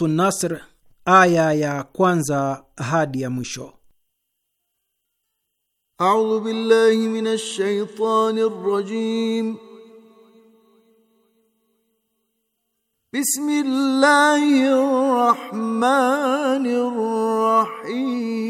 Suratu Nasr aya ya kwanza hadi ya mwisho. A'udhu billahi minash shaitani rrajim. Bismillahir rahmanir rahim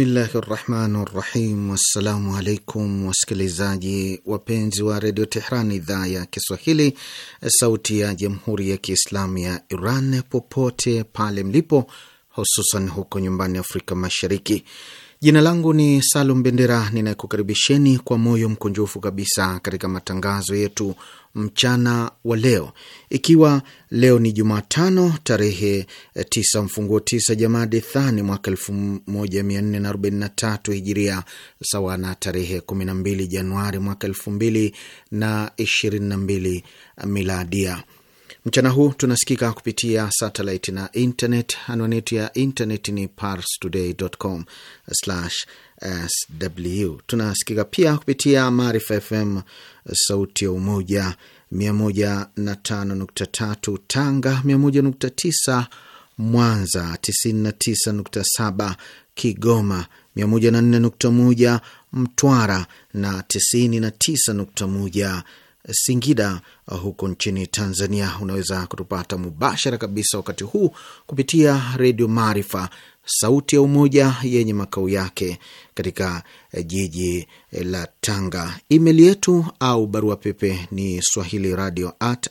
Bismillahi rahmani rahim. Wassalamu alaikum wasikilizaji wapenzi wa redio Tehran, idhaa ya Kiswahili, sauti ya jamhuri ya Kiislamu ya Iran, popote pale mlipo, hususan huko nyumbani Afrika Mashariki. Jina langu ni Salum Bendera, ninayekukaribisheni kwa moyo mkunjufu kabisa katika matangazo yetu mchana wa leo, ikiwa leo ni Jumatano tarehe 9 mfunguo 9 Jamadi Thani mwaka 1443 Hijiria, sawa na tarehe 12 Januari mwaka 2022 Miladia. Mchana huu tunasikika kupitia satellite na internet. Anwani yetu ya internet ni parstoday.com/sw. Tunasikika pia kupitia Maarifa FM sauti ya Umoja 105.3 Tanga, 101.9 Mwanza, 99.7 Kigoma, 104.1 Mtwara na 99.1 Singida uh, huko nchini Tanzania. Unaweza kutupata mubashara kabisa wakati huu kupitia Redio Maarifa, sauti ya Umoja, yenye makao yake katika eh, jiji eh, la Tanga. Email yetu au barua pepe ni swahili radio at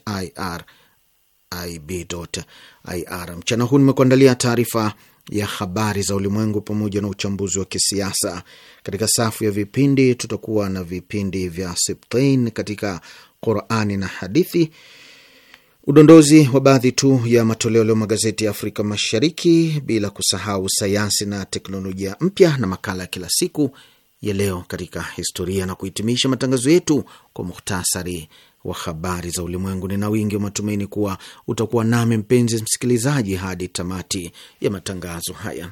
irib ir. Mchana huu nimekuandalia taarifa ya habari za ulimwengu pamoja na uchambuzi wa kisiasa. Katika safu ya vipindi tutakuwa na vipindi vya Sibtain katika Qurani na hadithi, udondozi wa baadhi tu ya matoleo leo magazeti ya Afrika Mashariki, bila kusahau sayansi na teknolojia mpya na makala ya kila siku ya leo katika historia, na kuhitimisha matangazo yetu kwa muhtasari wa habari za ulimwengu. Nina wingi wa matumaini kuwa utakuwa nami mpenzi msikilizaji hadi tamati ya matangazo haya.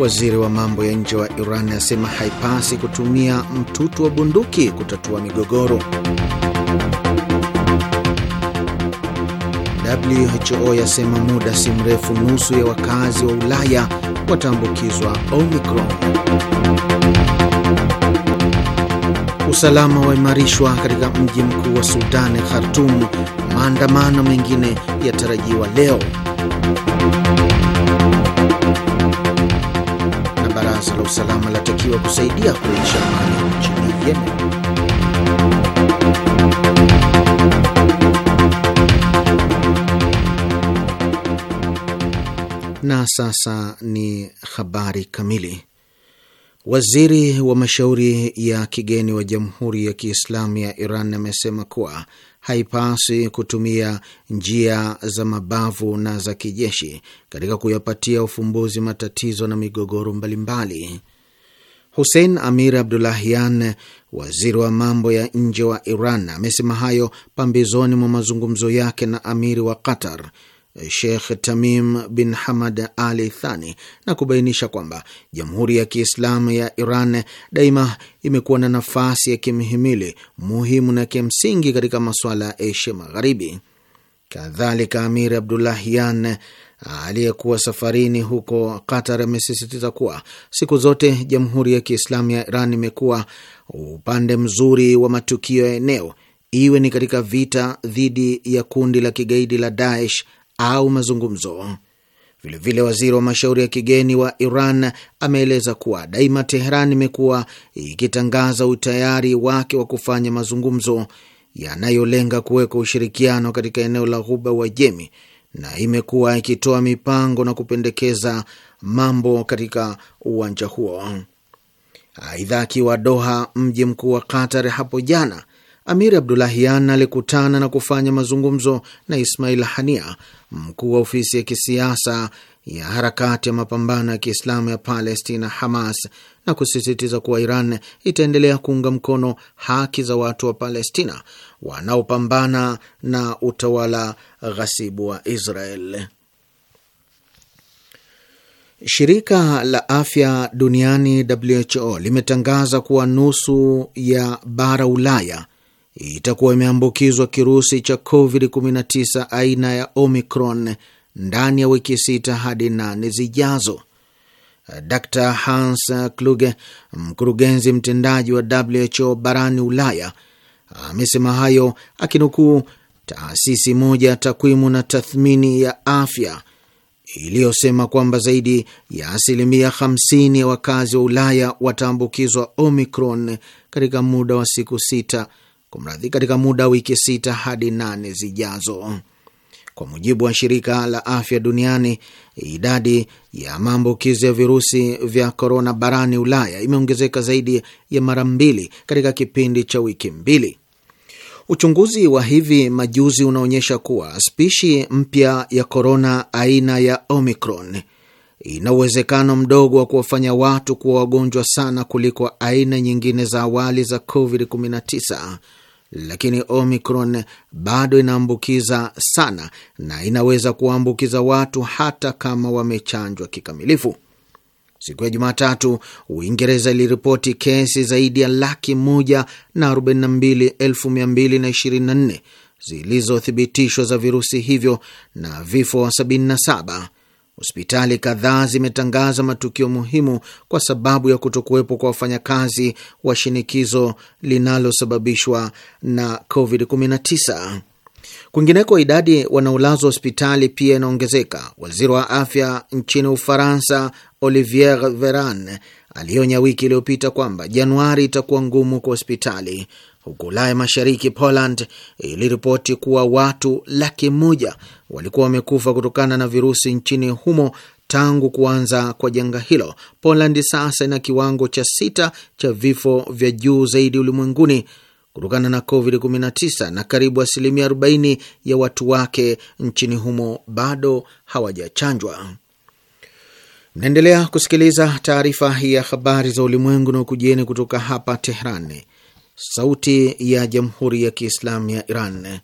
Waziri wa mambo ya nje wa Iran asema haipasi kutumia mtutu wa bunduki kutatua migogoro. WHO yasema muda si mrefu nusu ya wakazi wa Ulaya wataambukizwa Omicron. Usalama waimarishwa katika mji mkuu wa Sudani, Khartum. Maandamano mengine yatarajiwa leo. wa kusaidia kurejesha amani nchini Yemen. Na sasa ni habari kamili. Waziri wa mashauri ya kigeni wa Jamhuri ya Kiislamu ya Iran amesema kuwa haipasi kutumia njia za mabavu na za kijeshi katika kuyapatia ufumbuzi matatizo na migogoro mbalimbali. Hussein Amir Abdulahian, waziri wa mambo ya nje wa Iran, amesema hayo pambizoni mwa mazungumzo yake na amiri wa Qatar Sheikh Tamim bin Hamad Ali Thani na kubainisha kwamba Jamhuri ya Kiislamu ya Iran daima imekuwa na nafasi ya kimhimili muhimu na kimsingi katika masuala ya Asia Magharibi. Kadhalika, Amir Abdullahian aliyekuwa safarini huko Qatar amesisitiza kuwa siku zote Jamhuri ya Kiislamu ya Iran imekuwa upande mzuri wa matukio ya eneo, iwe ni katika vita dhidi ya kundi la kigaidi la Daesh au mazungumzo. Vilevile vile waziri wa mashauri ya kigeni wa Iran ameeleza kuwa daima Teheran imekuwa ikitangaza utayari wake wa kufanya mazungumzo yanayolenga kuweka ushirikiano katika eneo la Ghuba wa jemi na imekuwa ikitoa mipango na kupendekeza mambo katika uwanja huo. Aidha, akiwa Doha, mji mkuu wa Qatar, hapo jana, Amir Abdulahian alikutana na kufanya mazungumzo na Ismail Hania, mkuu wa ofisi ya kisiasa ya harakati ya mapambano ya Kiislamu ya Palestina, Hamas, na kusisitiza kuwa Iran itaendelea kuunga mkono haki za watu wa Palestina wanaopambana na utawala ghasibu wa Israel. Shirika la afya duniani WHO limetangaza kuwa nusu ya bara Ulaya itakuwa imeambukizwa kirusi cha COVID-19 aina ya Omicron ndani ya wiki sita hadi nane zijazo. Dr Hans Kluge, mkurugenzi mtendaji wa WHO barani Ulaya, amesema hayo akinukuu taasisi moja ya takwimu na tathmini ya afya iliyosema kwamba zaidi ya asilimia 50 ya wakazi wa Ulaya wataambukizwa Omicron katika muda wa siku sita, kumradhi, katika muda wa wiki sita hadi nane zijazo. Kwa mujibu wa shirika la afya duniani, idadi ya maambukizi ya virusi vya korona barani Ulaya imeongezeka zaidi ya mara mbili katika kipindi cha wiki mbili. Uchunguzi wa hivi majuzi unaonyesha kuwa spishi mpya ya korona aina ya Omicron ina uwezekano mdogo wa kuwafanya watu kuwa wagonjwa sana kuliko aina nyingine za awali za COVID-19 lakini Omicron bado inaambukiza sana na inaweza kuwaambukiza watu hata kama wamechanjwa kikamilifu. Siku ya Jumatatu, Uingereza iliripoti kesi zaidi ya laki moja na arobaini na mbili elfu mia mbili na ishirini na nne zilizothibitishwa za virusi hivyo na vifo 77 Hospitali kadhaa zimetangaza matukio muhimu kwa sababu ya kutokuwepo kwa wafanyakazi wa shinikizo linalosababishwa na COVID-19. Kwingineko, idadi wanaolazwa hospitali pia inaongezeka. Waziri wa afya nchini Ufaransa, Olivier Veran, alionya wiki iliyopita kwamba Januari itakuwa ngumu kwa hospitali huko Ulaya Mashariki, Poland iliripoti kuwa watu laki moja walikuwa wamekufa kutokana na virusi nchini humo tangu kuanza kwa janga hilo. Poland sasa ina kiwango cha sita cha vifo vya juu zaidi ulimwenguni kutokana na COVID-19 na karibu asilimia 40 ya watu wake nchini humo bado hawajachanjwa. Mnaendelea kusikiliza taarifa hii ya habari za ulimwengu na ukujieni kutoka hapa Tehran, Sauti ya Jamhuri ya Kiislamu ya Iran.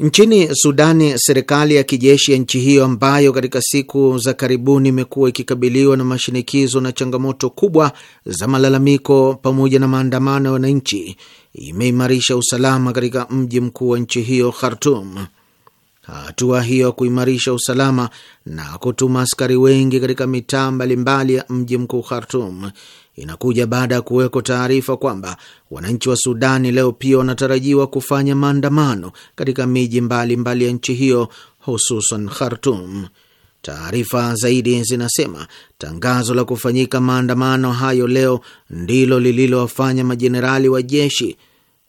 Nchini Sudani, serikali ya kijeshi ya nchi hiyo ambayo katika siku za karibuni imekuwa ikikabiliwa na mashinikizo na changamoto kubwa za malalamiko pamoja na maandamano ya wananchi imeimarisha usalama katika mji mkuu wa nchi hiyo Khartum. Hatua hiyo ya kuimarisha usalama na kutuma askari wengi katika mitaa mbalimbali ya mji mkuu Khartum inakuja baada ya kuwekwa taarifa kwamba wananchi wa Sudani leo pia wanatarajiwa kufanya maandamano katika miji mbalimbali ya nchi hiyo, hususan Khartum. Taarifa zaidi zinasema tangazo la kufanyika maandamano hayo leo ndilo lililowafanya majenerali wa jeshi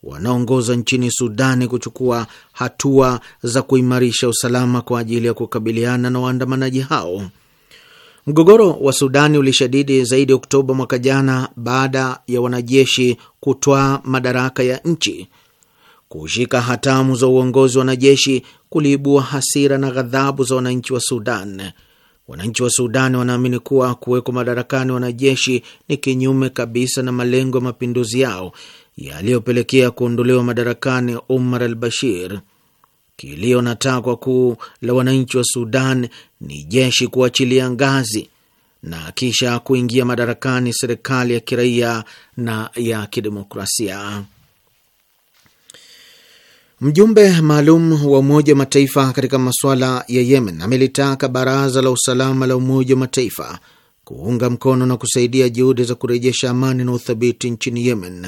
wanaongoza nchini Sudani kuchukua hatua za kuimarisha usalama kwa ajili ya kukabiliana na waandamanaji hao. Mgogoro wa Sudani ulishadidi zaidi Oktoba mwaka jana baada ya wanajeshi kutwaa madaraka ya nchi. Kushika hatamu za uongozi wa wanajeshi kuliibua hasira na ghadhabu za wananchi wa Sudan. Wananchi wa sudani wanaamini kuwa kuwekwa madarakani wanajeshi ni kinyume kabisa na malengo ya mapinduzi yao yaliyopelekea kuondolewa madarakani umar al Bashir. Kilio na takwa kuu la wananchi wa Sudan ni jeshi kuachilia ngazi na kisha kuingia madarakani serikali ya kiraia na ya kidemokrasia. Mjumbe maalum wa Umoja wa Mataifa katika masuala ya Yemen amelitaka Baraza la Usalama la Umoja wa Mataifa kuunga mkono na kusaidia juhudi za kurejesha amani na uthabiti nchini Yemen.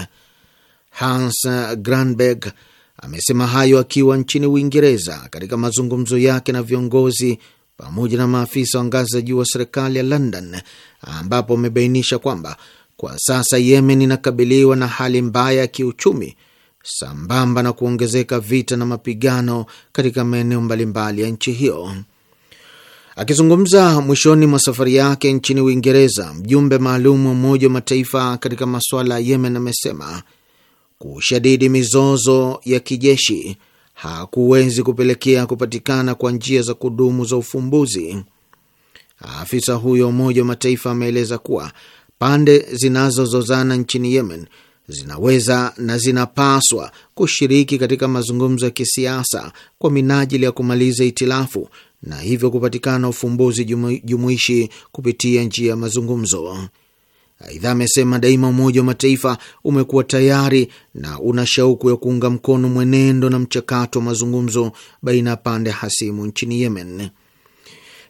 Hans Granberg Amesema hayo akiwa nchini Uingereza katika mazungumzo yake na viongozi pamoja na maafisa wa ngazi za juu wa serikali ya London, ambapo amebainisha kwamba kwa sasa Yemen inakabiliwa na hali mbaya ya kiuchumi sambamba na kuongezeka vita na mapigano katika maeneo mbalimbali ya nchi hiyo. Akizungumza mwishoni mwa safari yake nchini Uingereza, mjumbe maalum wa Umoja wa Mataifa katika masuala ya Yemen amesema kushadidi mizozo ya kijeshi hakuwezi kupelekea kupatikana kwa njia za kudumu za ufumbuzi. Afisa huyo Umoja wa Mataifa ameeleza kuwa pande zinazozozana nchini Yemen zinaweza na zinapaswa kushiriki katika mazungumzo ya kisiasa kwa minajili ya kumaliza itilafu na hivyo kupatikana ufumbuzi jumu, jumuishi kupitia njia ya mazungumzo. Aidha amesema daima Umoja wa Mataifa umekuwa tayari na una shauku ya kuunga mkono mwenendo na mchakato wa mazungumzo baina ya pande hasimu nchini Yemen.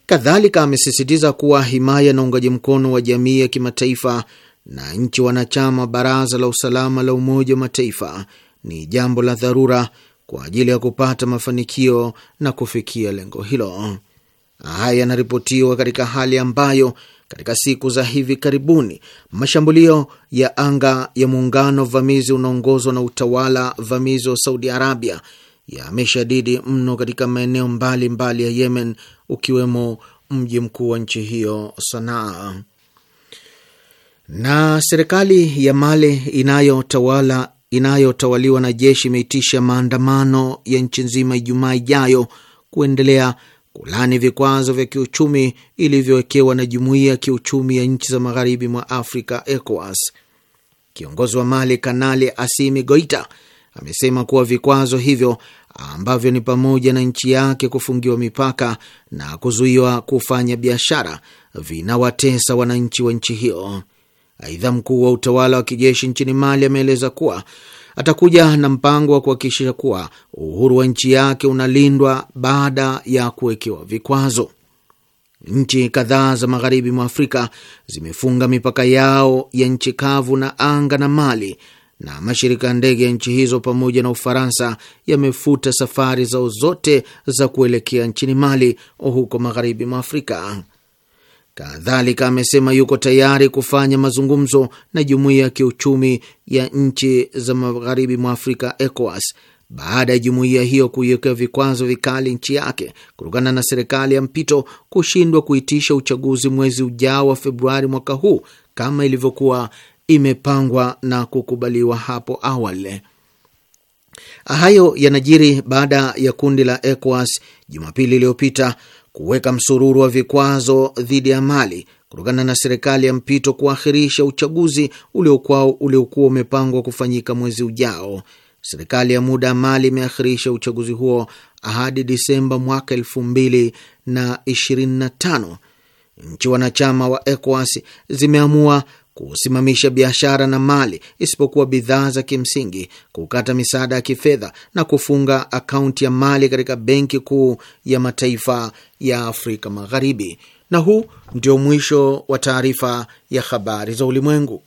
Kadhalika amesisitiza kuwa himaya na uungaji mkono wa jamii ya kimataifa na nchi wanachama Baraza la Usalama la Umoja wa Mataifa ni jambo la dharura kwa ajili ya kupata mafanikio na kufikia lengo hilo. Haya yanaripotiwa katika hali ambayo katika siku za hivi karibuni, mashambulio ya anga ya muungano vamizi unaongozwa na utawala vamizi wa Saudi Arabia yameshadidi mno katika maeneo mbalimbali ya Yemen, ukiwemo mji mkuu wa nchi hiyo Sanaa. Na serikali ya Mali inayotawala inayotawaliwa na jeshi imeitisha maandamano ya nchi nzima Ijumaa ijayo kuendelea kulani vikwazo vya kiuchumi ilivyowekewa na jumuiya ya kiuchumi ya nchi za magharibi mwa Afrika, ECOWAS. Kiongozi wa Mali Kanali Asimi Goita amesema kuwa vikwazo hivyo ambavyo ni pamoja na nchi yake kufungiwa mipaka na kuzuiwa kufanya biashara vinawatesa wananchi wa nchi hiyo. Aidha, mkuu wa utawala wa kijeshi nchini Mali ameeleza kuwa atakuja na mpango wa kuhakikisha kuwa uhuru wa nchi yake unalindwa baada ya kuwekewa vikwazo. Nchi kadhaa za magharibi mwa Afrika zimefunga mipaka yao ya nchi kavu na anga na Mali, na mashirika ya ndege ya nchi hizo pamoja na Ufaransa yamefuta safari zao zote za kuelekea nchini Mali huko magharibi mwa Afrika. Kadhalika amesema yuko tayari kufanya mazungumzo na jumuiya ya kiuchumi ya nchi za magharibi mwa Afrika, ECOWAS, baada ya jumuiya hiyo kuiwekea vikwazo vikali nchi yake kutokana na serikali ya mpito kushindwa kuitisha uchaguzi mwezi ujao wa Februari mwaka huu kama ilivyokuwa imepangwa na kukubaliwa hapo awali. Hayo yanajiri baada ya kundi la ECOWAS Jumapili iliyopita kuweka msururu wa vikwazo dhidi ya Mali kutokana na serikali ya mpito kuahirisha uchaguzi uliokuwa uliokuwa umepangwa kufanyika mwezi ujao. Serikali ya muda ya Mali imeahirisha uchaguzi huo hadi Disemba mwaka elfu mbili na ishirini na tano. Nchi wanachama wa ECOWAS zimeamua kusimamisha biashara na mali isipokuwa bidhaa za kimsingi, kukata misaada ya kifedha na kufunga akaunti ya mali katika Benki Kuu ya Mataifa ya Afrika Magharibi. Na huu ndio mwisho wa taarifa ya habari za ulimwengu.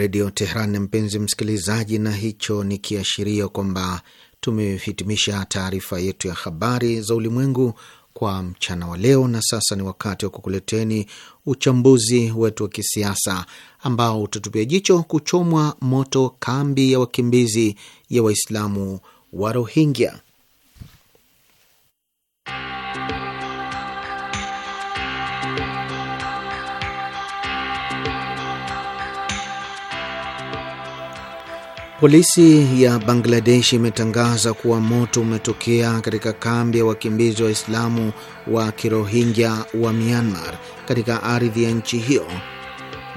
Redio Tehran, mpenzi msikilizaji, na hicho ni kiashirio kwamba tumehitimisha taarifa yetu ya habari za ulimwengu kwa mchana wa leo, na sasa ni wakati wa kukuleteni uchambuzi wetu wa kisiasa ambao utatupia jicho kuchomwa moto kambi ya wakimbizi ya Waislamu wa Rohingya. Polisi ya Bangladesh imetangaza kuwa moto umetokea katika kambi ya wakimbizi Waislamu wa Kirohingya wa Myanmar katika ardhi ya nchi hiyo.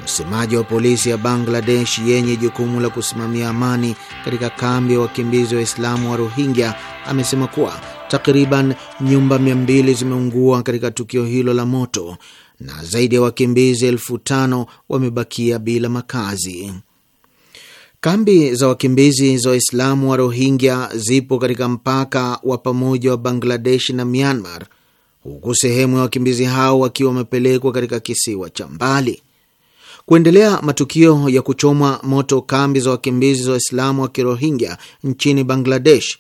Msemaji wa polisi ya Bangladesh yenye jukumu la kusimamia amani katika kambi ya wakimbizi Waislamu wa Rohingya amesema kuwa takriban nyumba mia mbili zimeungua katika tukio hilo la moto na zaidi ya wakimbizi elfu tano wamebakia bila makazi. Kambi za wakimbizi za Waislamu wa Rohingya zipo katika mpaka wa pamoja wa Bangladesh na Myanmar, huku sehemu ya wakimbizi hao wakiwa wamepelekwa katika kisiwa cha mbali. Kuendelea matukio ya kuchomwa moto kambi za wakimbizi za Waislamu wa Kirohingya nchini Bangladesh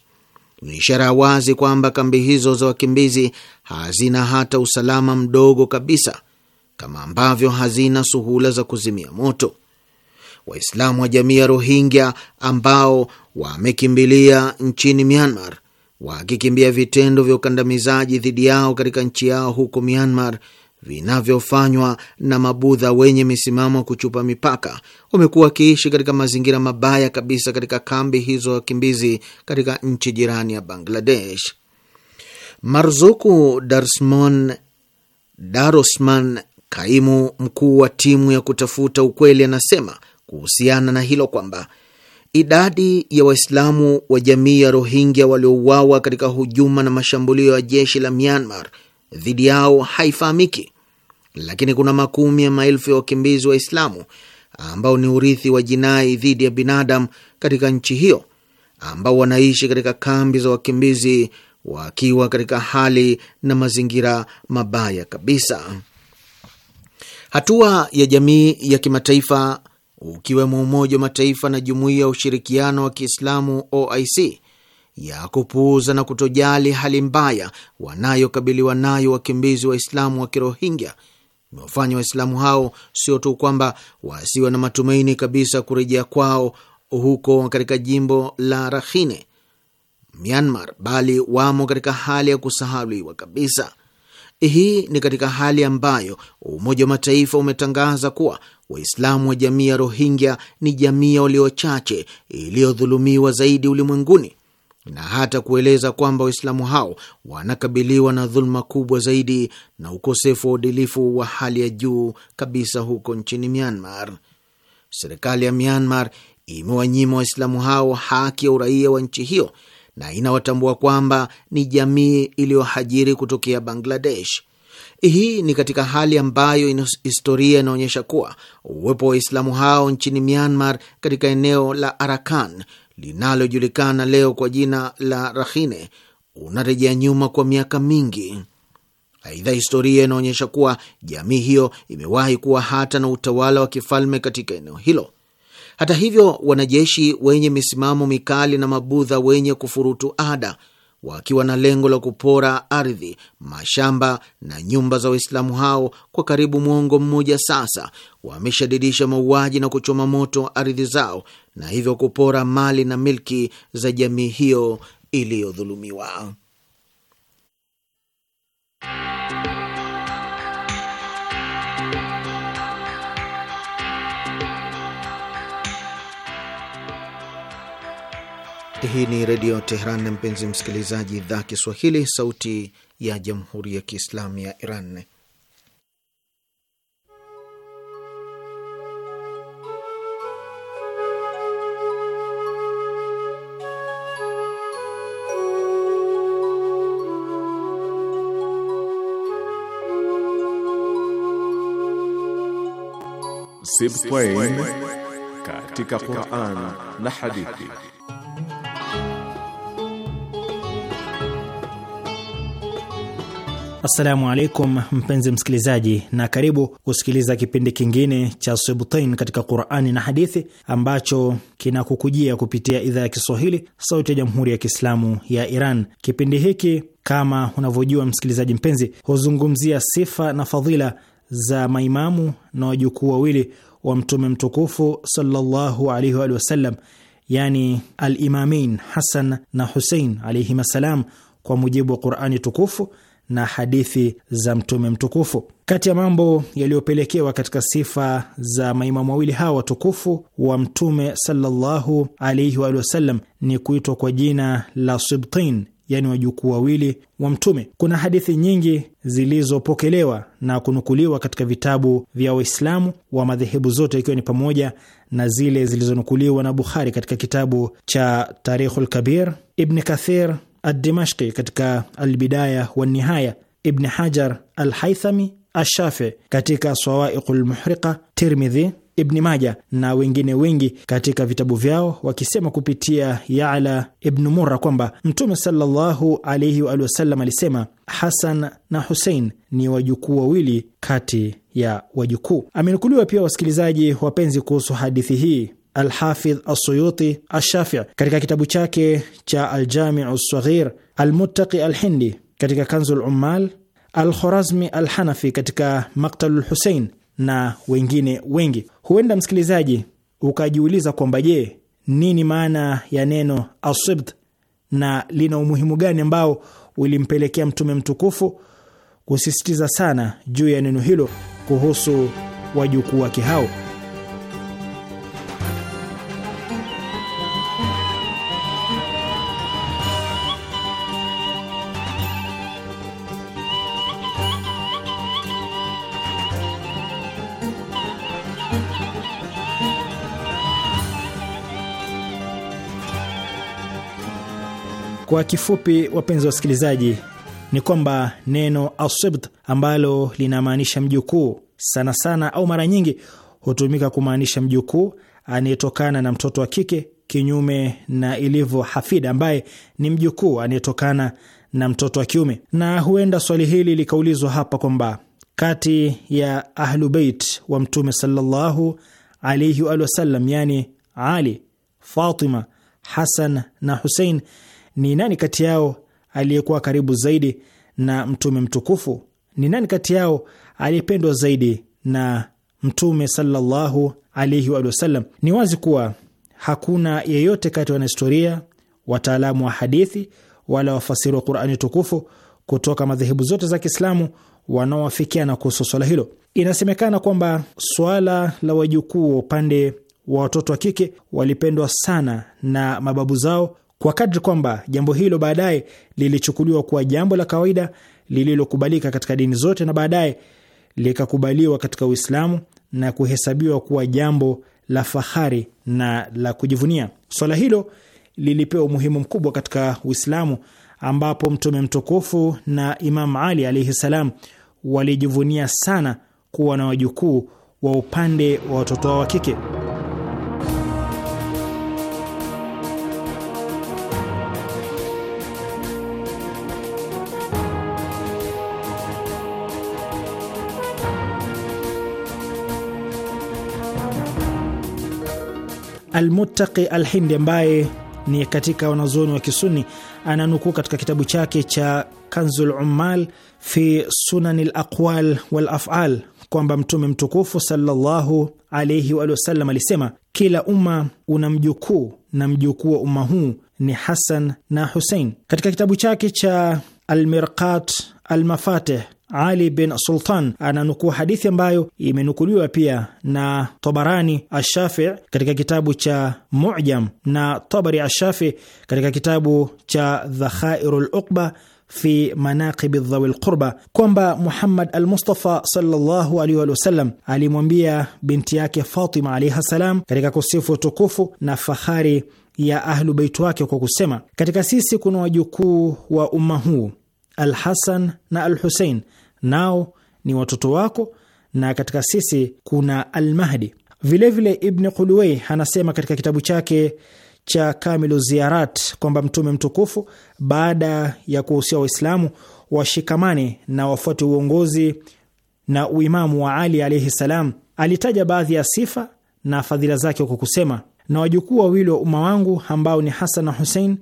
ni ishara ya wazi kwamba kambi hizo za wakimbizi hazina hata usalama mdogo kabisa, kama ambavyo hazina suhula za kuzimia moto. Waislamu wa jamii ya Rohingya ambao wamekimbilia nchini Myanmar wakikimbia vitendo vya ukandamizaji dhidi yao katika nchi yao huko Myanmar vinavyofanywa na mabudha wenye misimamo ya kuchupa mipaka wamekuwa wakiishi katika mazingira mabaya kabisa katika kambi hizo wakimbizi katika nchi jirani ya Bangladesh. Marzuku Darsmon Darosman, kaimu mkuu wa timu ya kutafuta ukweli, anasema kuhusiana na hilo kwamba idadi ya Waislamu wa jamii ya Rohingya waliouawa katika hujuma na mashambulio ya jeshi la Myanmar dhidi yao haifahamiki, lakini kuna makumi ya maelfu ya wakimbizi Waislamu ambao ni urithi wa jinai dhidi ya binadamu katika nchi hiyo ambao wanaishi katika kambi za wakimbizi wakiwa katika hali na mazingira mabaya kabisa. Hatua ya jamii ya kimataifa ukiwemo Umoja wa Mataifa na Jumuiya ya Ushirikiano wa Kiislamu OIC ya kupuuza na kutojali hali mbaya wanayokabiliwa nayo wakimbizi Waislamu wa Kirohingya imewafanya Waislamu hao sio tu kwamba wasiwe na matumaini kabisa kurejea kwao huko katika jimbo la Rakhine, Myanmar, bali wamo katika hali ya kusahauliwa kabisa. Hii ni katika hali ambayo Umoja wa Mataifa umetangaza kuwa Waislamu wa jamii ya Rohingya ni jamii ya walio wachache iliyodhulumiwa zaidi ulimwenguni na hata kueleza kwamba Waislamu hao wanakabiliwa na dhuluma kubwa zaidi na ukosefu wa uadilifu wa hali ya juu kabisa huko nchini Myanmar. Serikali ya Myanmar imewanyima Waislamu hao haki ya uraia wa nchi hiyo na inawatambua kwamba ni jamii iliyohajiri kutokea Bangladesh. Hii ni katika hali ambayo historia inaonyesha kuwa uwepo wa Waislamu hao nchini Myanmar katika eneo la Arakan linalojulikana leo kwa jina la Rakhine unarejea nyuma kwa miaka mingi. Aidha, historia inaonyesha kuwa jamii hiyo imewahi kuwa hata na utawala wa kifalme katika eneo hilo. Hata hivyo, wanajeshi wenye misimamo mikali na mabudha wenye kufurutu ada wakiwa na lengo la kupora ardhi, mashamba na nyumba za Waislamu hao kwa karibu mwongo mmoja sasa, wameshadidisha mauaji na kuchoma moto ardhi zao na hivyo kupora mali na milki za jamii hiyo iliyodhulumiwa. Hii ni Redio Tehran, mpenzi msikilizaji, idhaa Kiswahili, sauti ya Jamhuri ya Kiislamu ya Iran. Sibtain katika Quran na hadithi Assalamu alaikum mpenzi msikilizaji, na karibu kusikiliza kipindi kingine cha Sibtain katika Qurani na Hadithi ambacho kinakukujia kupitia idhaa ya Kiswahili, Sauti ya Jamhuri ya Kiislamu ya Iran. Kipindi hiki kama unavyojua msikilizaji mpenzi, huzungumzia sifa na fadhila za maimamu na wajukuu wawili wa Mtume mtukufu sallallahu alaihi wa sallam, yani Alimamin Hasan na Husein alaihim assalam, kwa mujibu wa Qurani tukufu na hadithi za Mtume mtukufu. Kati ya mambo yaliyopelekewa katika sifa za maimamu wawili hawa watukufu wa Mtume sallallahu alaihi wa ni kuitwa kwa jina la Sibtin, yani wajukuu wawili wa Mtume. Kuna hadithi nyingi zilizopokelewa na kunukuliwa katika vitabu vya Waislamu wa madhehebu zote, ikiwa ni pamoja na zile zilizonukuliwa na Bukhari katika kitabu cha Tarikhul Kabir, Ibni Kathir adimashki katika Albidaya wa Nihaya, Ibni Hajar Al-Haythami Ashafi katika sawaiqu lmuhriqa Tirmidhi, Ibni Maja na wengine wengi katika vitabu vyao wakisema kupitia Yala Ibnu Murra kwamba Mtume sallallahu alaihi wa alihi wasallam alisema Hasan na Husein ni wajukuu wawili kati ya wajukuu. Amenukuliwa pia wasikilizaji wapenzi kuhusu hadithi hii Alhafidh asuyuti ashafii katika kitabu chake cha Aljamiu Lsaghir, Almuttaqi Alhindi katika Kanzu Lummal, Alkhorazmi Alhanafi katika Maktalu Lhusein na wengine wengi. Huenda msikilizaji ukajiuliza kwamba je, nini maana ya neno asibt na lina umuhimu gani ambao ulimpelekea Mtume mtukufu kusisitiza sana juu ya neno hilo kuhusu wajukuu wake hao? Kwa kifupi, wapenzi wa wasikilizaji, ni kwamba neno asibt ambalo linamaanisha mjukuu sana sana au mara nyingi hutumika kumaanisha mjukuu anayetokana na mtoto wa kike, kinyume na ilivyo hafid ambaye ni mjukuu anayetokana na mtoto wa kiume. Na huenda swali hili likaulizwa hapa kwamba kati ya ahlu beit wa Mtume sallallahu alaihi yani Ali, Fatima, Hasan na Husein ni nani kati yao aliyekuwa karibu zaidi na mtume mtukufu? Ni nani kati yao aliyependwa zaidi na mtume sallallahu alaihi wasallam? Ni wazi kuwa hakuna yeyote kati ya wanahistoria, wataalamu wa hadithi wala wafasiri wa Qur'ani tukufu kutoka madhehebu zote za Kiislamu wanaowafikiana kuhusu swala hilo. Inasemekana kwamba swala la wajukuu wa upande wa watoto wa kike walipendwa sana na mababu zao kwa kadri kwamba jambo hilo baadaye lilichukuliwa kuwa jambo la kawaida lililokubalika katika dini zote na baadaye likakubaliwa katika Uislamu na kuhesabiwa kuwa jambo la fahari na la kujivunia. Swala hilo lilipewa umuhimu mkubwa katika Uislamu, ambapo Mtume mtukufu na Imam Ali alaihi salam walijivunia sana kuwa na wajukuu wa upande wa watoto wao wa kike. almutaqi Alhindi ambaye ni katika wanazuoni wa Kisuni ananukuu katika kitabu chake cha Kanzul Ummal fi Sunani Laqwal walafal kwamba Mtume mtukufu sallallahu alaihi wa sallam alisema, kila umma una mjukuu na mjukuu wa umma huu ni Hasan na Husein. Katika kitabu chake cha Almirqat Almafatih ali bin Sultan ananukuu hadithi ambayo imenukuliwa pia na Tabarani Ashafii katika kitabu cha Mujam na Tabari ashafi katika kitabu cha Dhakhairu Luqba fi manaqibi dhawi lqurba kwamba Muhammad Almustafa sallallahu alaihi wa sallam alimwambia binti yake Fatima alaihi salam katika kusifu tukufu na fahari ya ahlu beit wake kwa kusema, katika sisi kuna wajukuu wa umma huu Alhasan na Alhusein nao ni watoto wako, na katika sisi kuna Almahdi. Vilevile Ibni quluwei anasema katika kitabu chake cha Kamilu Ziarat kwamba Mtume mtukufu baada ya kuhusia Waislamu washikamane na wafuate uongozi na uimamu wa Ali alaihi salam, alitaja baadhi ya sifa na fadhila zake kwa kusema, na wajukuu wawili wa umma wangu ambao ni Hasan na Husein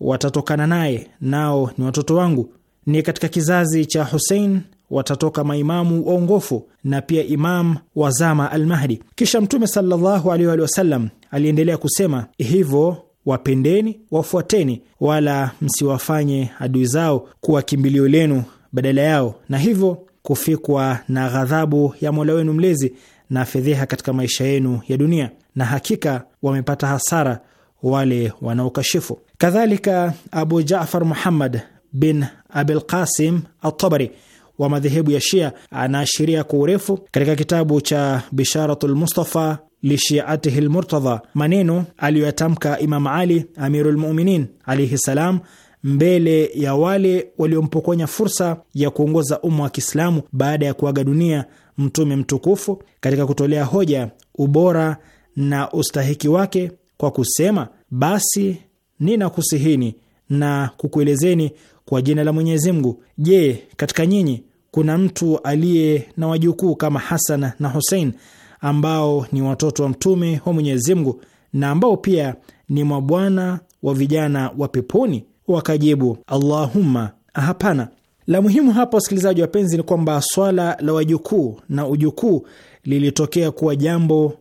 watatokana naye, nao ni watoto wangu ni katika kizazi cha Husein watatoka maimamu waongofu na pia imam wa zama Almahdi. Kisha Mtume sallallahu alaihi wasallam aliendelea kusema hivyo, wapendeni, wafuateni, wala msiwafanye adui zao kuwa kimbilio lenu badala yao, na hivyo kufikwa na ghadhabu ya Mola wenu mlezi na fedheha katika maisha yenu ya dunia, na hakika wamepata hasara wale wanaokashifu. Kadhalika Abu Jafar Muhammad bin Abul Qasim at wa madhehebu ya Shia anaashiria kwa urefu katika kitabu cha Bisharatu lmustafa lishiatihi lmurtadha maneno aliyoyatamka Imam Ali Amiru lmuminin alaihi salam mbele ya wale waliompokonya fursa ya kuongoza umma wa Kiislamu baada ya kuaga dunia mtume mtukufu katika kutolea hoja ubora na ustahiki wake kwa kusema, basi ninakusihini na kukuelezeni kwa jina la Mwenyezi Mungu, je, katika nyinyi kuna mtu aliye na wajukuu kama Hasan na Husein ambao ni watoto wa mtume wa Mwenyezi Mungu na ambao pia ni mabwana wa vijana wa peponi? Wakajibu, Allahumma, hapana. La muhimu hapa, wasikilizaji wapenzi, ni kwamba swala la wajukuu na ujukuu lilitokea kuwa jambo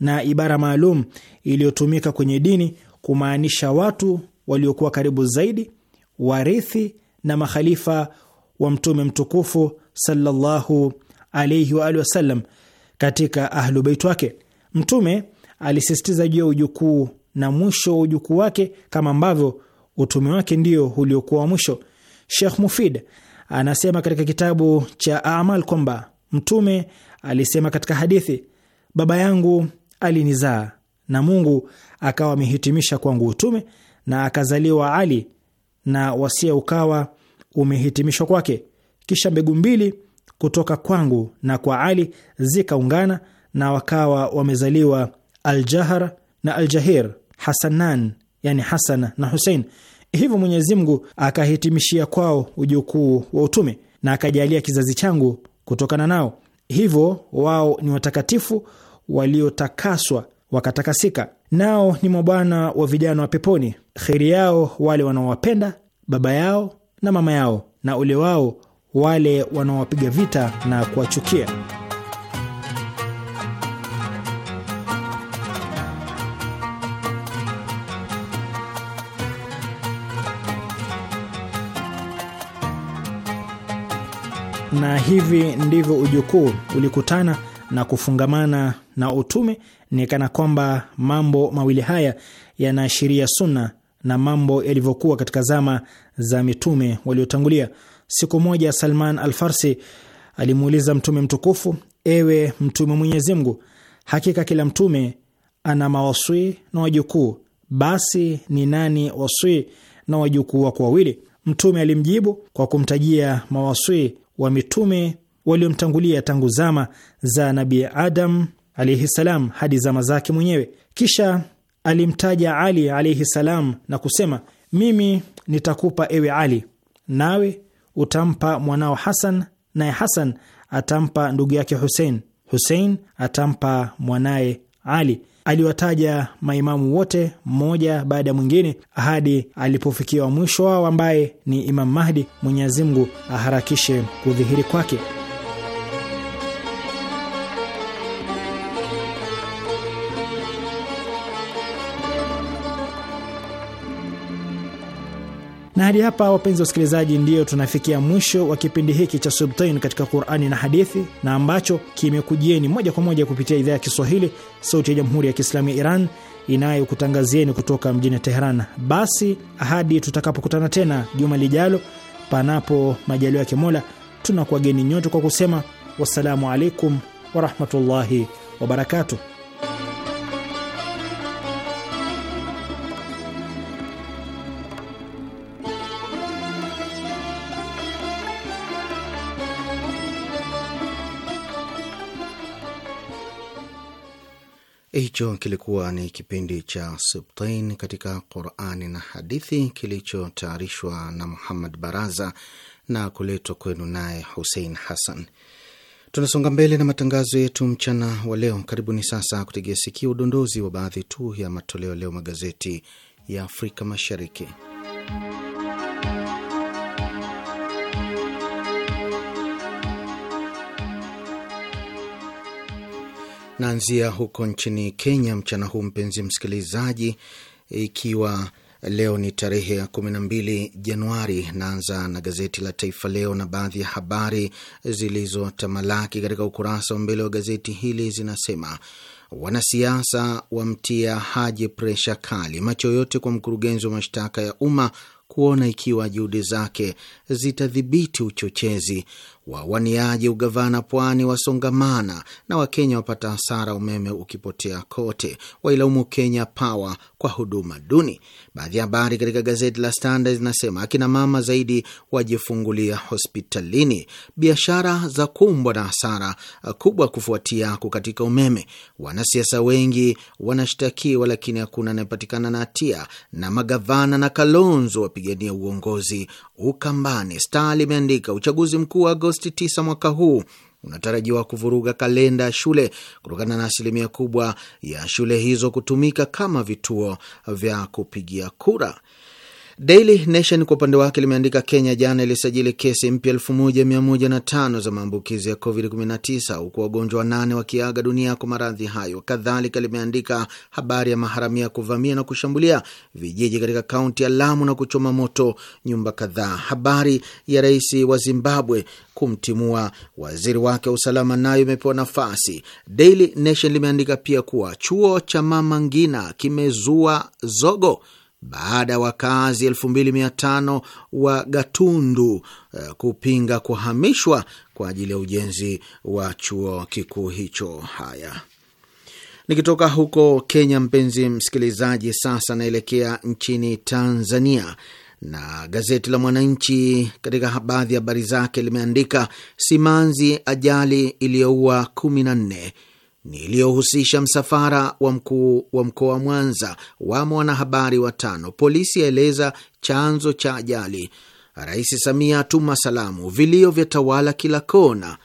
na ibara maalum iliyotumika kwenye dini kumaanisha watu waliokuwa karibu zaidi warithi na makhalifa wa mtume mtukufu sallallahu alayhi wa alihi wasallam katika ahlubeit wake. Mtume alisisitiza juu ya ujukuu na mwisho wa ujukuu wake kama ambavyo utume wake ndio uliokuwa wa mwisho. Shekh Mufid anasema katika kitabu cha Amal kwamba Mtume alisema katika hadithi, baba yangu alinizaa na Mungu akawa amehitimisha kwangu utume, na akazaliwa Ali na wasia ukawa umehitimishwa kwake. Kisha mbegu mbili kutoka kwangu na kwa Ali zikaungana na wakawa wamezaliwa Aljahar na Aljahir, Hasanan yani Hasan na Husein. Hivyo Mwenyezi Mungu akahitimishia kwao ujukuu wa utume na akajalia kizazi changu kutokana nao. Hivyo wao ni watakatifu waliotakaswa wakatakasika, nao ni mabwana wa vijana wa peponi. Kheri yao wale wanaowapenda baba yao na mama yao, na ole wao wale wanaowapiga vita na kuwachukia. Na hivi ndivyo ujukuu ulikutana na kufungamana na utume ni kana kwamba mambo mawili haya yanaashiria sunna na mambo yalivyokuwa katika zama za mitume waliotangulia. Siku moja Salman Alfarsi alimuuliza Mtume mtukufu, ewe Mtume Mwenyezi Mungu, hakika kila mtume ana mawaswi na wajukuu, basi ni nani waswi na wajukuu wako wawili? Mtume alimjibu kwa kumtajia mawaswi wa mitume waliomtangulia tangu zama za Nabii Adam alaihi salam hadi zama zake mwenyewe. Kisha alimtaja Ali alaihi salam na kusema, mimi nitakupa ewe Ali, nawe utampa mwanao Hasan, naye Hasan atampa ndugu yake Husein, Husein atampa mwanaye Ali. Aliwataja maimamu wote mmoja baada ya mwingine hadi alipofikia mwisho wao ambaye ni imamu Mahdi, Mwenyezi Mungu aharakishe kudhihiri kwake. Na hadi hapa, wapenzi wa wasikilizaji, ndiyo tunafikia mwisho wa kipindi hiki cha Subtain katika Qurani na Hadithi, na ambacho kimekujieni moja kwa moja kupitia idhaa ya Kiswahili, Sauti ya Jamhuri ya Kiislamu ya Iran inayokutangazieni kutoka mjini Teheran. Basi hadi tutakapokutana tena juma lijalo, panapo majalio ya Mola, tunakuwageni nyote kwa kusema wassalamu alaikum warahmatullahi wabarakatuh. Hicho kilikuwa ni kipindi cha Sibtain katika Qurani na Hadithi kilichotayarishwa na Muhammad Baraza na kuletwa kwenu naye Husein Hassan. Tunasonga mbele na matangazo yetu mchana wa leo. Karibuni sasa kutegea sikia udondozi wa baadhi tu ya matoleo leo magazeti ya Afrika Mashariki. Naanzia huko nchini Kenya mchana huu, mpenzi msikilizaji, ikiwa leo ni tarehe ya 12 Januari. Naanza na gazeti la Taifa Leo, na baadhi ya habari zilizotamalaki katika ukurasa wa mbele wa gazeti hili zinasema wanasiasa wamtia Haji presha kali, macho yote kwa mkurugenzi wa mashtaka ya umma kuona ikiwa juhudi zake zitadhibiti uchochezi wawaniaji ugavana pwani wasongamana na Wakenya wapata hasara umeme ukipotea kote, wailaumu Kenya Power kwa huduma duni. Baadhi ya habari katika gazeti la Standard zinasema akina mama zaidi wajifungulia hospitalini, biashara za kumbwa na hasara kubwa kufuatia kukatika umeme, wanasiasa wengi wanashtakiwa lakini hakuna anayepatikana na hatia, na magavana na Kalonzo wapigania uongozi Ukambani. Star limeandika uchaguzi mkuu wa Agosti 9 mwaka huu unatarajiwa kuvuruga kalenda ya shule kutokana na asilimia kubwa ya shule hizo kutumika kama vituo vya kupigia kura. Daily Nation kwa upande wake limeandika, Kenya jana ilisajili kesi mpya 1105 za maambukizi ya COVID-19 huku wagonjwa wanane wakiaga dunia kwa maradhi hayo. Kadhalika limeandika habari ya maharamia kuvamia na kushambulia vijiji katika kaunti ya Lamu na kuchoma moto nyumba kadhaa. Habari ya rais wa Zimbabwe kumtimua waziri wake wa usalama nayo imepewa nafasi. Daily Nation limeandika pia kuwa chuo cha Mama Ngina kimezua zogo baada ya wakazi 2500 wa Gatundu eh, kupinga kuhamishwa kwa ajili ya ujenzi wa chuo kikuu hicho. Haya, nikitoka huko Kenya, mpenzi msikilizaji, sasa naelekea nchini Tanzania na gazeti la Mwananchi katika baadhi ya habari zake limeandika simanzi ajali iliyoua nne niliyohusisha msafara wa mkuu wa mkoa wa Mwanza wamo wanahabari watano. Polisi aeleza chanzo cha ajali. Rais Samia atuma salamu. Vilio vya tawala kila kona.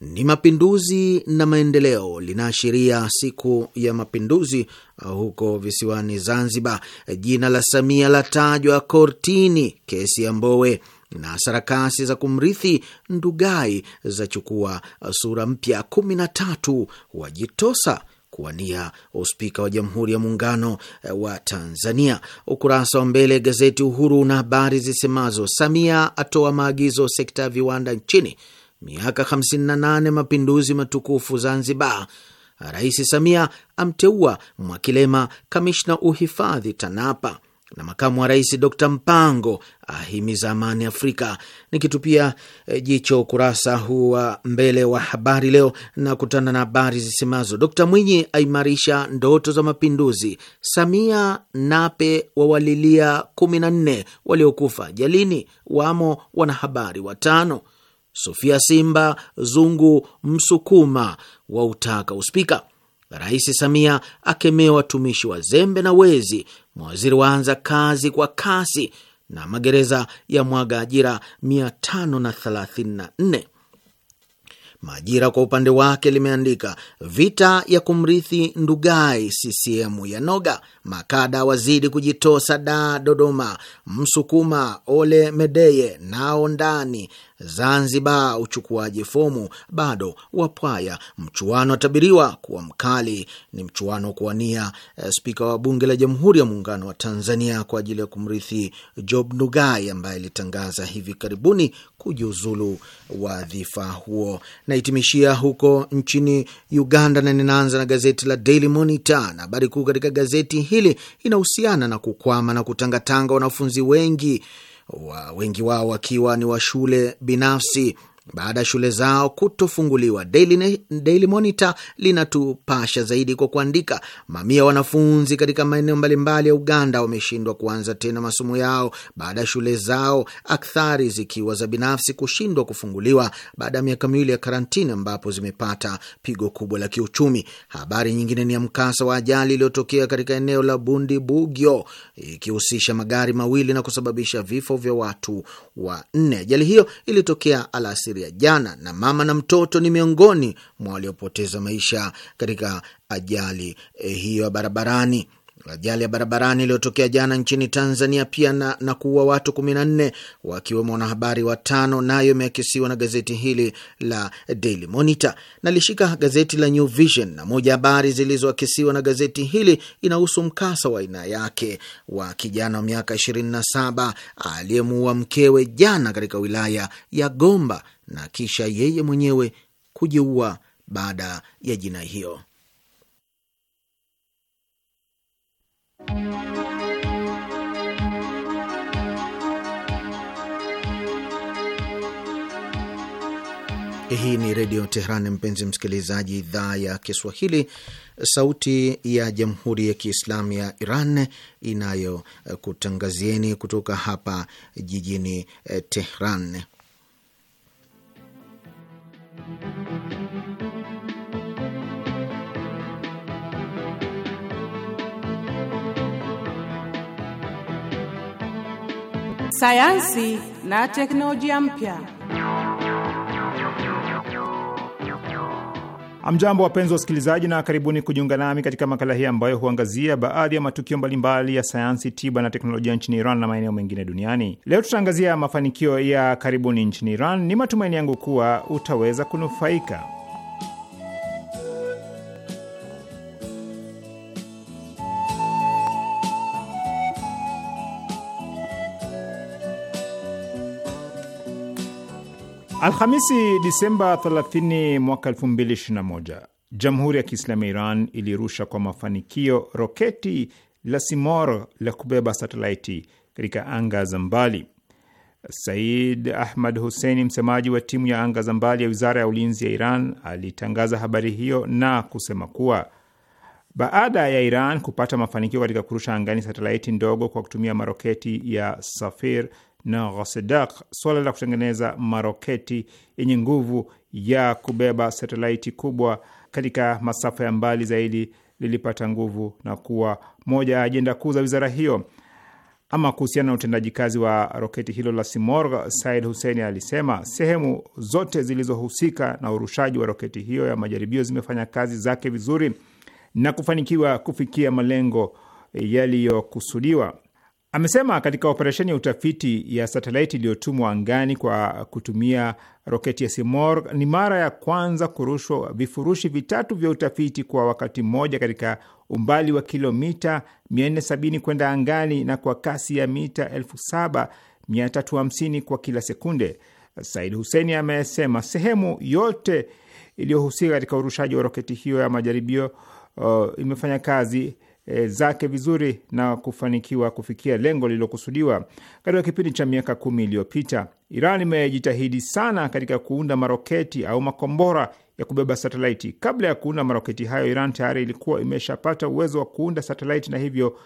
Ni mapinduzi na maendeleo, linaashiria siku ya mapinduzi huko visiwani Zanzibar. Jina la Samia latajwa kortini kesi ya Mbowe na sarakasi za kumrithi Ndugai zachukua sura mpya. kumi na tatu wajitosa kuwania uspika wa Jamhuri ya Muungano wa Tanzania. Ukurasa wa mbele gazeti Uhuru na habari zisemazo, Samia atoa maagizo sekta ya viwanda nchini, miaka 58 mapinduzi matukufu Zanzibar. Rais Samia amteua Mwakilema kamishna uhifadhi TANAPA na makamu wa rais Dr Mpango ahimiza amani Afrika. Nikitupia eh, jicho ukurasa huu wa mbele wa Habari Leo na kutana na habari zisemazo: Dr Mwinyi aimarisha ndoto za mapinduzi, Samia Nape wawalilia kumi na nne waliokufa jalini wamo wanahabari watano, Sofia Simba Zungu Msukuma wautaka uspika Rais Samia akemea watumishi wazembe na wezi, mawaziri waanza kazi kwa kasi, na magereza ya mwaga ajira 534. Majira kwa upande wake limeandika vita ya kumrithi Ndugai, CCM ya noga, makada wazidi kujitosa da Dodoma, Msukuma Ole Medeye nao ndani, Zanzibar uchukuaji fomu bado wapwaya. Mchuano atabiriwa kuwa mkali, ni mchuano wa kuwania eh, spika wa bunge la Jamhuri ya Muungano wa Tanzania kwa ajili ya kumrithi Job Ndugai ambaye alitangaza hivi karibuni kujiuzulu wadhifa huo. Nahitimishia huko nchini Uganda na ninaanza na gazeti la Daily Monitor, na habari kuu katika gazeti hili inahusiana na kukwama na kutangatanga wanafunzi wengi wa wengi wao wakiwa ni wa shule binafsi baada ya shule zao kutofunguliwa. Daily, Daily Monitor linatupasha zaidi kwa kuandika, mamia wanafunzi katika maeneo mbalimbali ya Uganda wameshindwa kuanza tena masomo yao baada ya shule zao, akthari zikiwa za binafsi, kushindwa kufunguliwa baada ya miaka miwili ya karantini, ambapo zimepata pigo kubwa la kiuchumi. Habari nyingine ni ya mkasa wa ajali iliyotokea katika eneo la Bundi Bugyo ikihusisha magari mawili na kusababisha vifo vya watu wanne. Ajali hiyo ilitokea alas alasiri ya jana, na mama na mtoto ni miongoni mwa waliopoteza maisha katika ajali e, hiyo ya barabarani. Ajali ya barabarani iliyotokea jana nchini Tanzania pia na, na kuua watu nne wakiwemo wanahabari watano, nayo imeakisiwa na gazeti hili la Daily Monitor. Nalishika gazeti la New Vision, na moja habari zilizoakisiwa na gazeti hili inahusu mkasa wa aina yake wa kijana wa miaka 27 aliyemuua mkewe jana katika wilaya ya Gomba na kisha yeye mwenyewe kujiua baada ya jinai hiyo. Hii ni Redio Teheran, mpenzi msikilizaji, idhaa ya Kiswahili, sauti ya Jamhuri ya Kiislamu ya Iran inayokutangazieni kutoka hapa jijini Teheran. Sayansi na teknolojia mpya. Amjambo, wapenzi wa usikilizaji, na karibuni kujiunga nami katika makala hii ambayo huangazia baadhi ya matukio mbalimbali ya sayansi, tiba na teknolojia nchini Iran na maeneo mengine duniani. Leo tutaangazia mafanikio ya karibuni nchini Iran. Ni matumaini yangu kuwa utaweza kunufaika. Alhamisi Disemba 30 mwaka 2021, Jamhuri ya Kiislamu ya Iran ilirusha kwa mafanikio roketi la Simor la kubeba satelaiti katika anga za mbali. Said Ahmad Hussein, msemaji wa timu ya anga za mbali ya wizara ya ulinzi ya Iran, alitangaza habari hiyo na kusema kuwa baada ya Iran kupata mafanikio katika kurusha angani satelaiti ndogo kwa kutumia maroketi ya Safir na Ghosedak, suala la kutengeneza maroketi yenye nguvu ya kubeba satelaiti kubwa katika masafa ya mbali zaidi lilipata nguvu na kuwa moja ya ajenda kuu za wizara hiyo. Ama kuhusiana na utendaji kazi wa roketi hilo la Simorgh, Said Hussein alisema sehemu zote zilizohusika na urushaji wa roketi hiyo ya majaribio zimefanya kazi zake vizuri na kufanikiwa kufikia malengo yaliyokusudiwa. Amesema katika operesheni ya utafiti ya satelaiti iliyotumwa angani kwa kutumia roketi ya Simor ni mara ya kwanza kurushwa vifurushi vitatu vya utafiti kwa wakati mmoja katika umbali wa kilomita 470 kwenda angani na kwa kasi ya mita 7350 kwa kila sekunde. Said Huseni amesema sehemu yote iliyohusika katika urushaji wa roketi hiyo ya majaribio uh, imefanya kazi e, zake vizuri na kufanikiwa kufikia lengo lililokusudiwa. Katika kipindi cha miaka kumi iliyopita, Iran imejitahidi sana katika kuunda maroketi au makombora ya kubeba satelaiti. Kabla ya kuunda maroketi hayo, Iran tayari ilikuwa imeshapata uwezo wa kuunda satelaiti na hivyo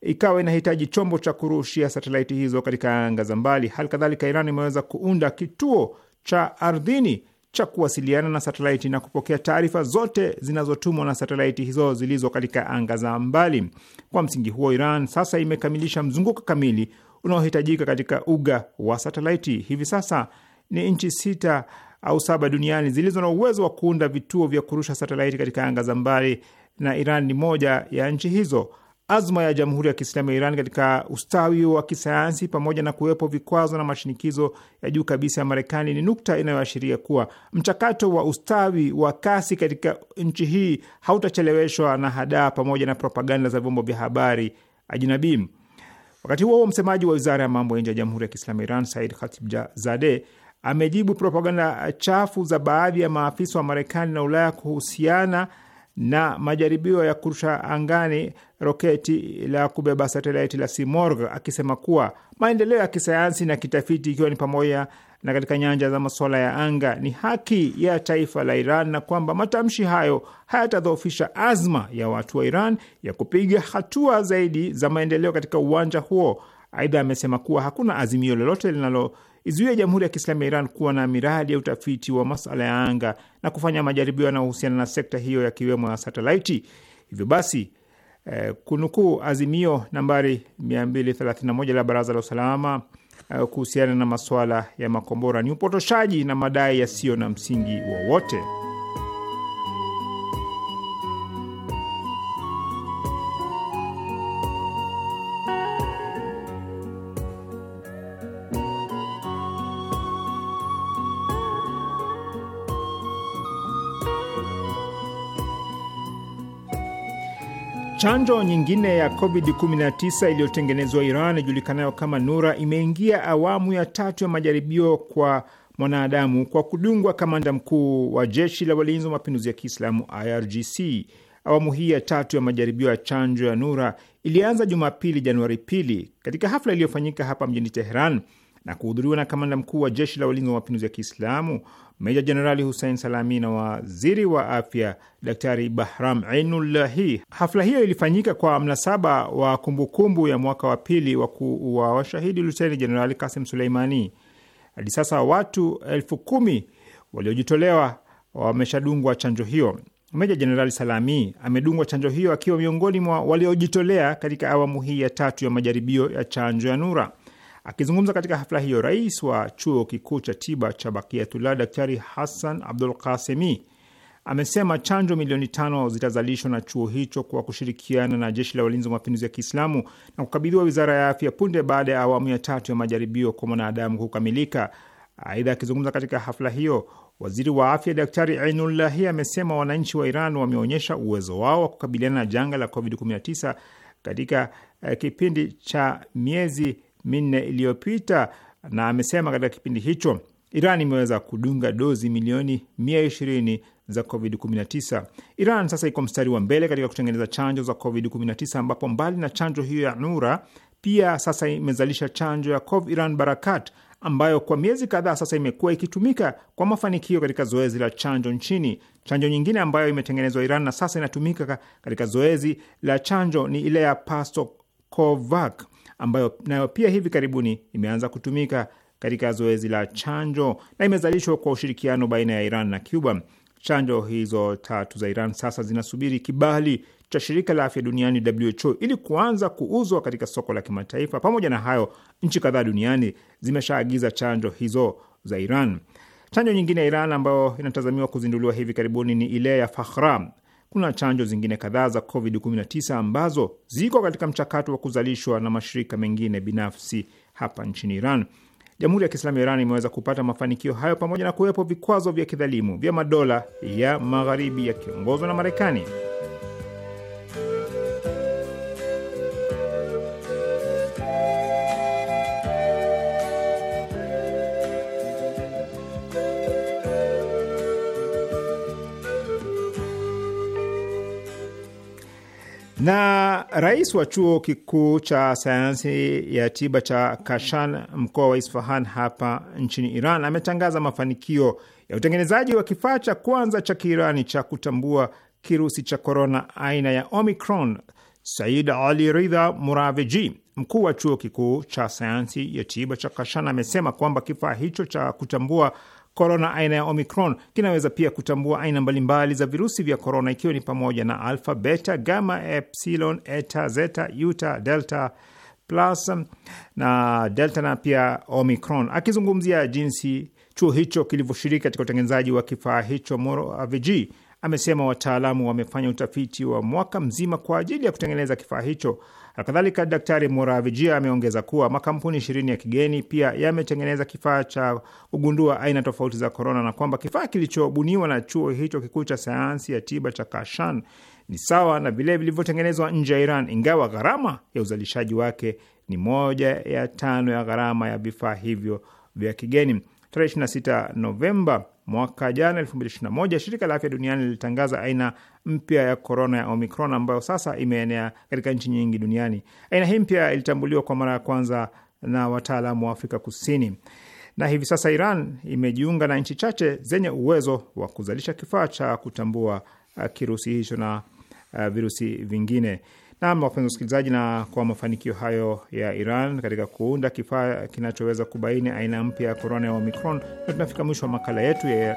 ikawa inahitaji chombo cha kurushia satelaiti hizo katika anga za mbali. Hali kadhalika, Iran imeweza kuunda kituo cha ardhini cha kuwasiliana na satelaiti na kupokea taarifa zote zinazotumwa na satelaiti hizo zilizo katika anga za mbali. Kwa msingi huo, Iran sasa imekamilisha mzunguko kamili unaohitajika katika uga wa satelaiti. Hivi sasa ni nchi sita au saba duniani zilizo na uwezo wa kuunda vituo vya kurusha satelaiti katika anga za mbali na Iran ni moja ya nchi hizo azma ya Jamhuri ya Kiislamu ya Iran katika ustawi wa kisayansi pamoja na kuwepo vikwazo na mashinikizo ya juu kabisa ya Marekani ni nukta inayoashiria kuwa mchakato wa ustawi wa kasi katika nchi hii hautacheleweshwa na hadaa pamoja na propaganda za vyombo vya habari ajinabi. Wakati huo msemaji wa wizara ya mambo ya nje ya Jamhuri ya Kiislamu ya Iran Said Khatibzadeh amejibu propaganda chafu za baadhi ya maafisa wa Marekani na Ulaya kuhusiana na majaribio ya kurusha angani roketi la kubeba satelaiti la Simorgh, akisema kuwa maendeleo ya kisayansi na kitafiti, ikiwa ni pamoja na katika nyanja za masuala ya anga, ni haki ya taifa la Iran na kwamba matamshi hayo hayatadhoofisha azma ya watu wa Iran ya kupiga hatua zaidi za maendeleo katika uwanja huo. Aidha, amesema kuwa hakuna azimio lolote linalo izuia Jamhuri ya Kiislamu ya Iran kuwa na miradi ya utafiti wa masala ya anga na kufanya majaribio yanayohusiana na sekta hiyo yakiwemo ya satelaiti. Hivyo basi eh, kunukuu azimio nambari 231 la Baraza la Usalama eh, kuhusiana na masuala ya makombora ni upotoshaji na madai yasiyo na msingi wowote. Chanjo nyingine ya COVID-19 iliyotengenezwa Iran ijulikanayo kama Nura imeingia awamu ya tatu ya majaribio kwa mwanadamu kwa kudungwa kamanda mkuu wa jeshi la walinzi wa mapinduzi ya Kiislamu IRGC. Awamu hii ya tatu ya majaribio ya chanjo ya Nura ilianza Jumapili, Januari pili, katika hafla iliyofanyika hapa mjini Teheran na kuhudhuriwa na kamanda mkuu wa jeshi la walinzi wa mapinduzi ya Kiislamu Meja Jenerali Hussein Salami na waziri wa afya Daktari Bahram einullahi Hafla hiyo ilifanyika kwa mnasaba wa kumbukumbu ya mwaka wa pili wa kuuawa washahidi Luteni Jenerali Kasim Suleimani. Hadi sasa watu elfu kumi waliojitolewa wameshadungwa chanjo hiyo. Meja Jenerali Salami amedungwa chanjo hiyo akiwa miongoni mwa waliojitolea katika awamu hii ya tatu ya majaribio ya chanjo ya Nura. Akizungumza katika hafla hiyo, rais wa chuo kikuu cha tiba cha Bakiatullah Daktari Hassan Abdul Kasemi amesema chanjo milioni tano zitazalishwa na chuo hicho kwa kushirikiana na jeshi la walinzi wa mapinduzi ya Kiislamu na kukabidhiwa wizara ya afya punde baada ya awamu ya tatu ya majaribio kwa mwanadamu kukamilika. Aidha, akizungumza katika hafla hiyo, waziri wa afya Daktari Ainullahi amesema wananchi wa Iran wameonyesha uwezo wao wa kukabiliana na janga la COVID-19 katika eh, kipindi cha miezi minne iliyopita, na amesema katika kipindi hicho Iran imeweza kudunga dozi milioni 120 za COVID-19. Iran sasa iko mstari wa mbele katika kutengeneza chanjo za COVID-19 ambapo mbali na chanjo hiyo ya Nura pia sasa imezalisha chanjo ya Iran Barakat ambayo kwa miezi kadhaa sasa imekuwa ikitumika kwa mafanikio katika zoezi la chanjo nchini. Chanjo nyingine ambayo imetengenezwa Iran na sasa inatumika katika zoezi la chanjo ni ile ya Covac ambayo nayo pia hivi karibuni imeanza kutumika katika zoezi la chanjo na imezalishwa kwa ushirikiano baina ya Iran na Cuba. Chanjo hizo tatu za Iran sasa zinasubiri kibali cha shirika la afya duniani WHO ili kuanza kuuzwa katika soko la kimataifa. Pamoja na hayo, nchi kadhaa duniani zimeshaagiza chanjo hizo za Iran. Chanjo nyingine ya Iran ambayo inatazamiwa kuzinduliwa hivi karibuni ni ile ya Fakhra kuna chanjo zingine kadhaa za COVID-19 ambazo ziko katika mchakato wa kuzalishwa na mashirika mengine binafsi hapa nchini Iran. Jamhuri ya Kiislamu ya Iran imeweza kupata mafanikio hayo pamoja na kuwepo vikwazo vya kidhalimu vya madola ya magharibi yakiongozwa na Marekani. Na rais wa chuo kikuu cha sayansi ya tiba cha Kashan, mkoa wa Isfahan hapa nchini Iran, ametangaza mafanikio ya utengenezaji wa kifaa cha kwanza cha Kiirani cha kutambua kirusi cha korona aina ya Omicron. Said Ali Ridha Muraveji, mkuu wa chuo kikuu cha sayansi ya tiba cha Kashan, amesema kwamba kifaa hicho cha kutambua korona aina ya Omicron. Kinaweza pia kutambua aina mbalimbali za virusi vya korona, ikiwa ni pamoja na alfa, beta, gama, epsilon, eta, zeta, yuta, delta plus na delta na pia Omicron. Akizungumzia jinsi chuo hicho kilivyoshiriki katika utengenezaji wa kifaa hicho, Moraviji amesema wataalamu wamefanya utafiti wa mwaka mzima kwa ajili ya kutengeneza kifaa hicho. Kadhalika, Daktari Moravijia ameongeza kuwa makampuni ishirini ya kigeni pia yametengeneza kifaa cha kugundua aina tofauti za korona na kwamba kifaa kilichobuniwa na chuo hicho kikuu cha sayansi ya tiba cha Kashan ni sawa na vile vilivyotengenezwa nje ya Iran, ingawa gharama ya uzalishaji wake ni moja ya tano ya gharama ya vifaa hivyo vya kigeni. Tarehe 26 Novemba mwaka jana 2021, shirika la afya duniani lilitangaza aina mpya ya korona ya Omicron ambayo sasa imeenea katika nchi nyingi duniani. Aina hii mpya ilitambuliwa kwa mara ya kwanza na wataalamu wa Afrika Kusini, na hivi sasa Iran imejiunga na nchi chache zenye uwezo wa kuzalisha kifaa cha kutambua uh, kirusi hicho na uh, virusi vingine. Nam, wapenzi wasikilizaji, na kwa mafanikio hayo ya Iran katika kuunda kifaa kinachoweza kubaini aina mpya ya korona ya Omicron, na tunafika mwisho wa makala yetu ya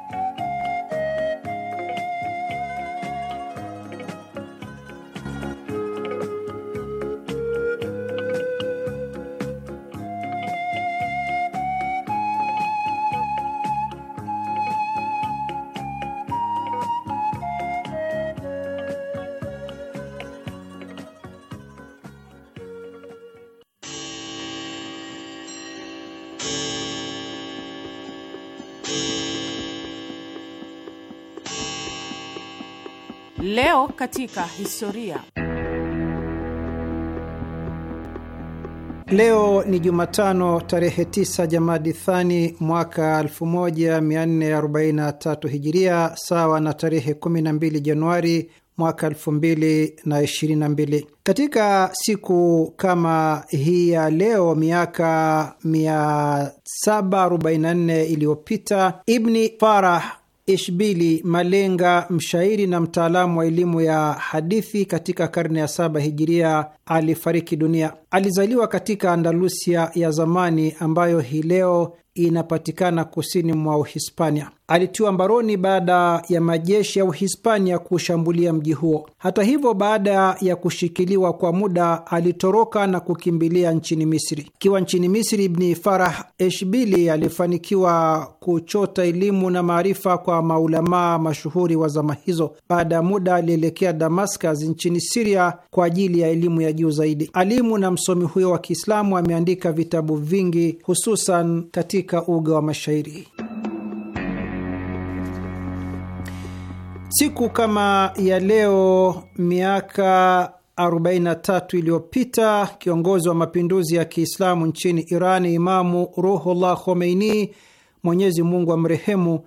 katika historia. Leo ni Jumatano, tarehe 9 Jamadi Thani mwaka 1443 Hijiria, sawa na tarehe 12 Januari mwaka 2022. Katika siku kama hii ya leo miaka 744 iliyopita Ibni Farah Ishbili Malenga, mshairi na mtaalamu wa elimu ya hadithi katika karne ya saba hijiria, alifariki dunia. Alizaliwa katika Andalusia ya zamani ambayo hii leo inapatikana kusini mwa Uhispania. Alitiwa mbaroni baada ya majeshi ya Uhispania kushambulia mji huo. Hata hivyo, baada ya kushikiliwa kwa muda, alitoroka na kukimbilia nchini Misri. Akiwa nchini Misri, Ibni Farah Eshbili alifanikiwa kuchota elimu na maarifa kwa maulamaa mashuhuri wa zama hizo. Baada ya muda, alielekea Damascus nchini Siria kwa ajili ya elimu ya juu zaidi. Alimu na msomi huyo wa Kiislamu ameandika vitabu vingi, hususan katika katika uga wa mashairi. Siku kama ya leo miaka 43 iliyopita kiongozi wa mapinduzi ya Kiislamu nchini Iran, Imamu Ruhullah Khomeini, Mwenyezi Mungu amrehemu,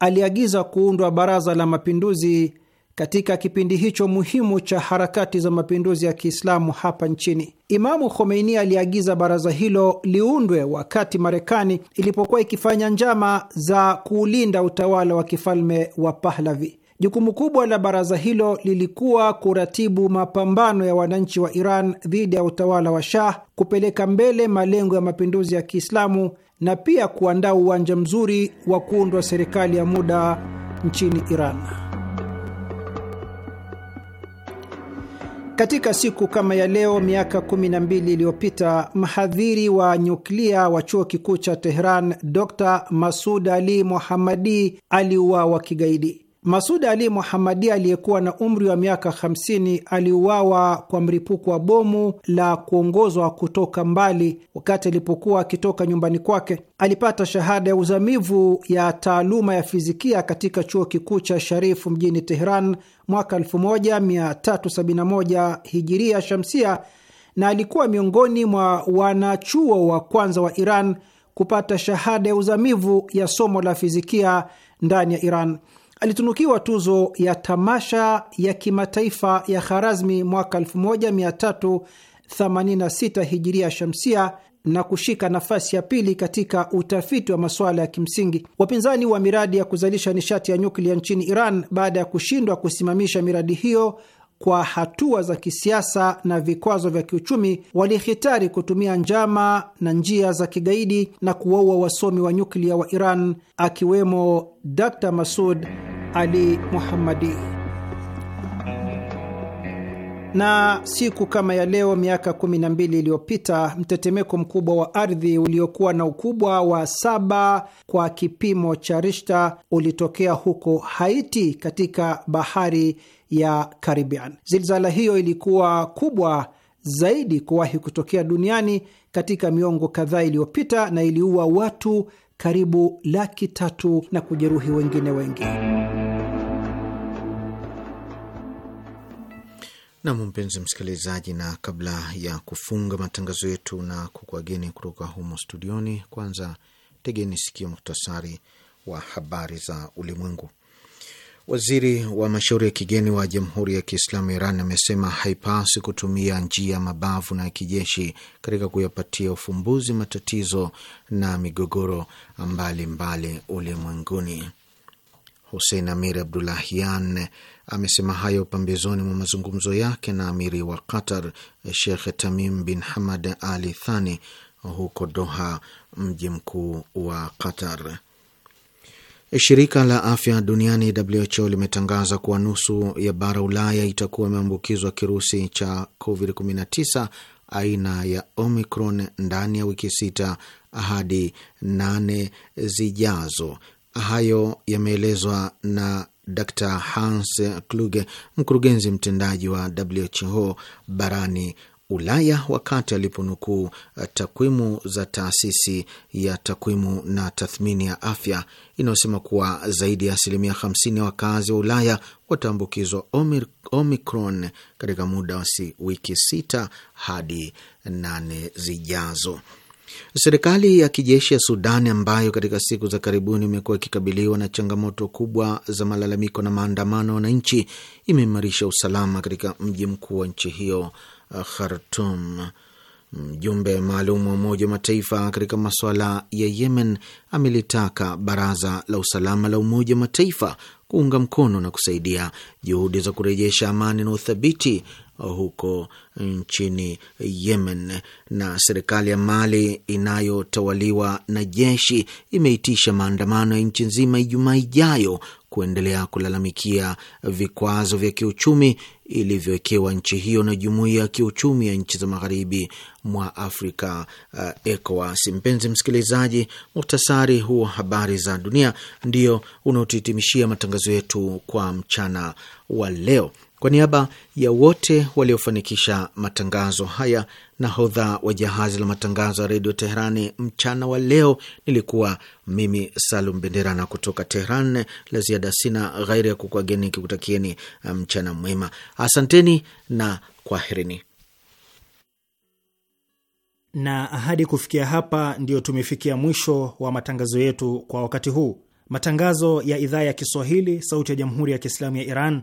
aliagiza kuundwa Baraza la Mapinduzi katika kipindi hicho muhimu cha harakati za mapinduzi ya Kiislamu hapa nchini. Imamu Khomeini aliagiza baraza hilo liundwe wakati Marekani ilipokuwa ikifanya njama za kuulinda utawala wa kifalme wa Pahlavi. Jukumu kubwa la baraza hilo lilikuwa kuratibu mapambano ya wananchi wa Iran dhidi ya utawala wa Shah, kupeleka mbele malengo ya mapinduzi ya Kiislamu na pia kuandaa uwanja mzuri wa kuundwa serikali ya muda nchini Iran. Katika siku kama ya leo miaka 12 iliyopita mhadhiri wa nyuklia wa chuo kikuu cha Tehran Dr Masud Ali Mohammadi aliuawa kigaidi. Masud Ali Muhamadi aliyekuwa na umri wa miaka 50 aliuawa kwa mlipuko wa bomu la kuongozwa kutoka mbali wakati alipokuwa akitoka nyumbani kwake. Alipata shahada ya uzamivu ya taaluma ya fizikia katika chuo kikuu cha Sharifu mjini Teheran mwaka 1371 hijiria shamsia, na alikuwa miongoni mwa wanachuo wa kwanza wa Iran kupata shahada ya uzamivu ya somo la fizikia ndani ya Iran. Alitunukiwa tuzo ya tamasha ya kimataifa ya Kharazmi mwaka 1386 hijiria shamsia na kushika nafasi ya pili katika utafiti wa masuala ya kimsingi. Wapinzani wa miradi ya kuzalisha nishati ya nyuklia nchini Iran, baada ya kushindwa kusimamisha miradi hiyo, kwa hatua za kisiasa na vikwazo vya kiuchumi, walihitari kutumia njama na njia za kigaidi na kuwaua wasomi wa nyuklia wa Iran akiwemo Dr. Masud Ali Muhammadi. Na siku kama ya leo miaka 12 iliyopita mtetemeko mkubwa wa ardhi uliokuwa na ukubwa wa saba kwa kipimo cha Rishta ulitokea huko Haiti katika bahari ya Caribbean. Zilzala hiyo ilikuwa kubwa zaidi kuwahi kutokea duniani katika miongo kadhaa iliyopita na iliua watu karibu laki tatu na kujeruhi wengine wengi. Nam, mpenzi msikilizaji, na kabla ya kufunga matangazo yetu na kukuageni kutoka humo studioni, kwanza tegeni sikio muhtasari wa habari za ulimwengu. Waziri wa mashauri ya kigeni wa Jamhuri ya Kiislamu Iran amesema haipasi kutumia njia mabavu na ya kijeshi katika kuyapatia ufumbuzi matatizo na migogoro mbalimbali ulimwenguni. Husein Amir Abdulahian amesema hayo pambezoni mwa mazungumzo yake na amiri wa Qatar shekh Tamim bin Hamad Ali Thani huko Doha, mji mkuu wa Qatar. Shirika la afya duniani WHO limetangaza kuwa nusu ya bara Ulaya itakuwa imeambukizwa kirusi cha COVID-19 aina ya Omicron ndani ya wiki sita hadi nane zijazo. Hayo yameelezwa na Dr Hans Kluge, mkurugenzi mtendaji wa WHO barani Ulaya wakati aliponukuu eh, takwimu za taasisi ya takwimu na tathmini ya afya inayosema kuwa zaidi ya asilimia 50 ya wakazi wa Ulaya wataambukizwa Omicron katika muda wa wiki sita hadi nane zijazo. Serikali ya kijeshi ya Sudani ambayo katika siku za karibuni imekuwa ikikabiliwa na changamoto kubwa za malalamiko na maandamano ya wananchi imeimarisha usalama katika mji mkuu wa nchi hiyo Eh, Khartum. Mjumbe maalum wa Umoja wa Mataifa katika masuala ya Yemen amelitaka Baraza la Usalama la Umoja wa Mataifa kuunga mkono na kusaidia juhudi za kurejesha amani na uthabiti huko nchini Yemen. Na serikali ya Mali inayotawaliwa na jeshi imeitisha maandamano ya nchi nzima Ijumaa ijayo kuendelea kulalamikia vikwazo vya kiuchumi ilivyowekewa nchi hiyo na jumuiya ya kiuchumi ya nchi za magharibi mwa Afrika, uh, ECOWAS. Mpenzi msikilizaji, muhtasari huo habari za dunia ndio unaotuhitimishia matangazo yetu kwa mchana wa leo. Kwa niaba ya wote waliofanikisha matangazo haya, nahodha wa jahazi la matangazo ya redio Teherani mchana wa leo nilikuwa mimi Salum Bendera, na kutoka Teheran la ziada sina ghairi ya kukwageni kikutakieni eh, mchana mwema. Asanteni na kwaherini. Na ahadi kufikia hapa, ndiyo tumefikia mwisho wa matangazo yetu kwa wakati huu. Matangazo ya idhaa ya Kiswahili, Sauti ya Jamhuri ya Kiislamu ya Iran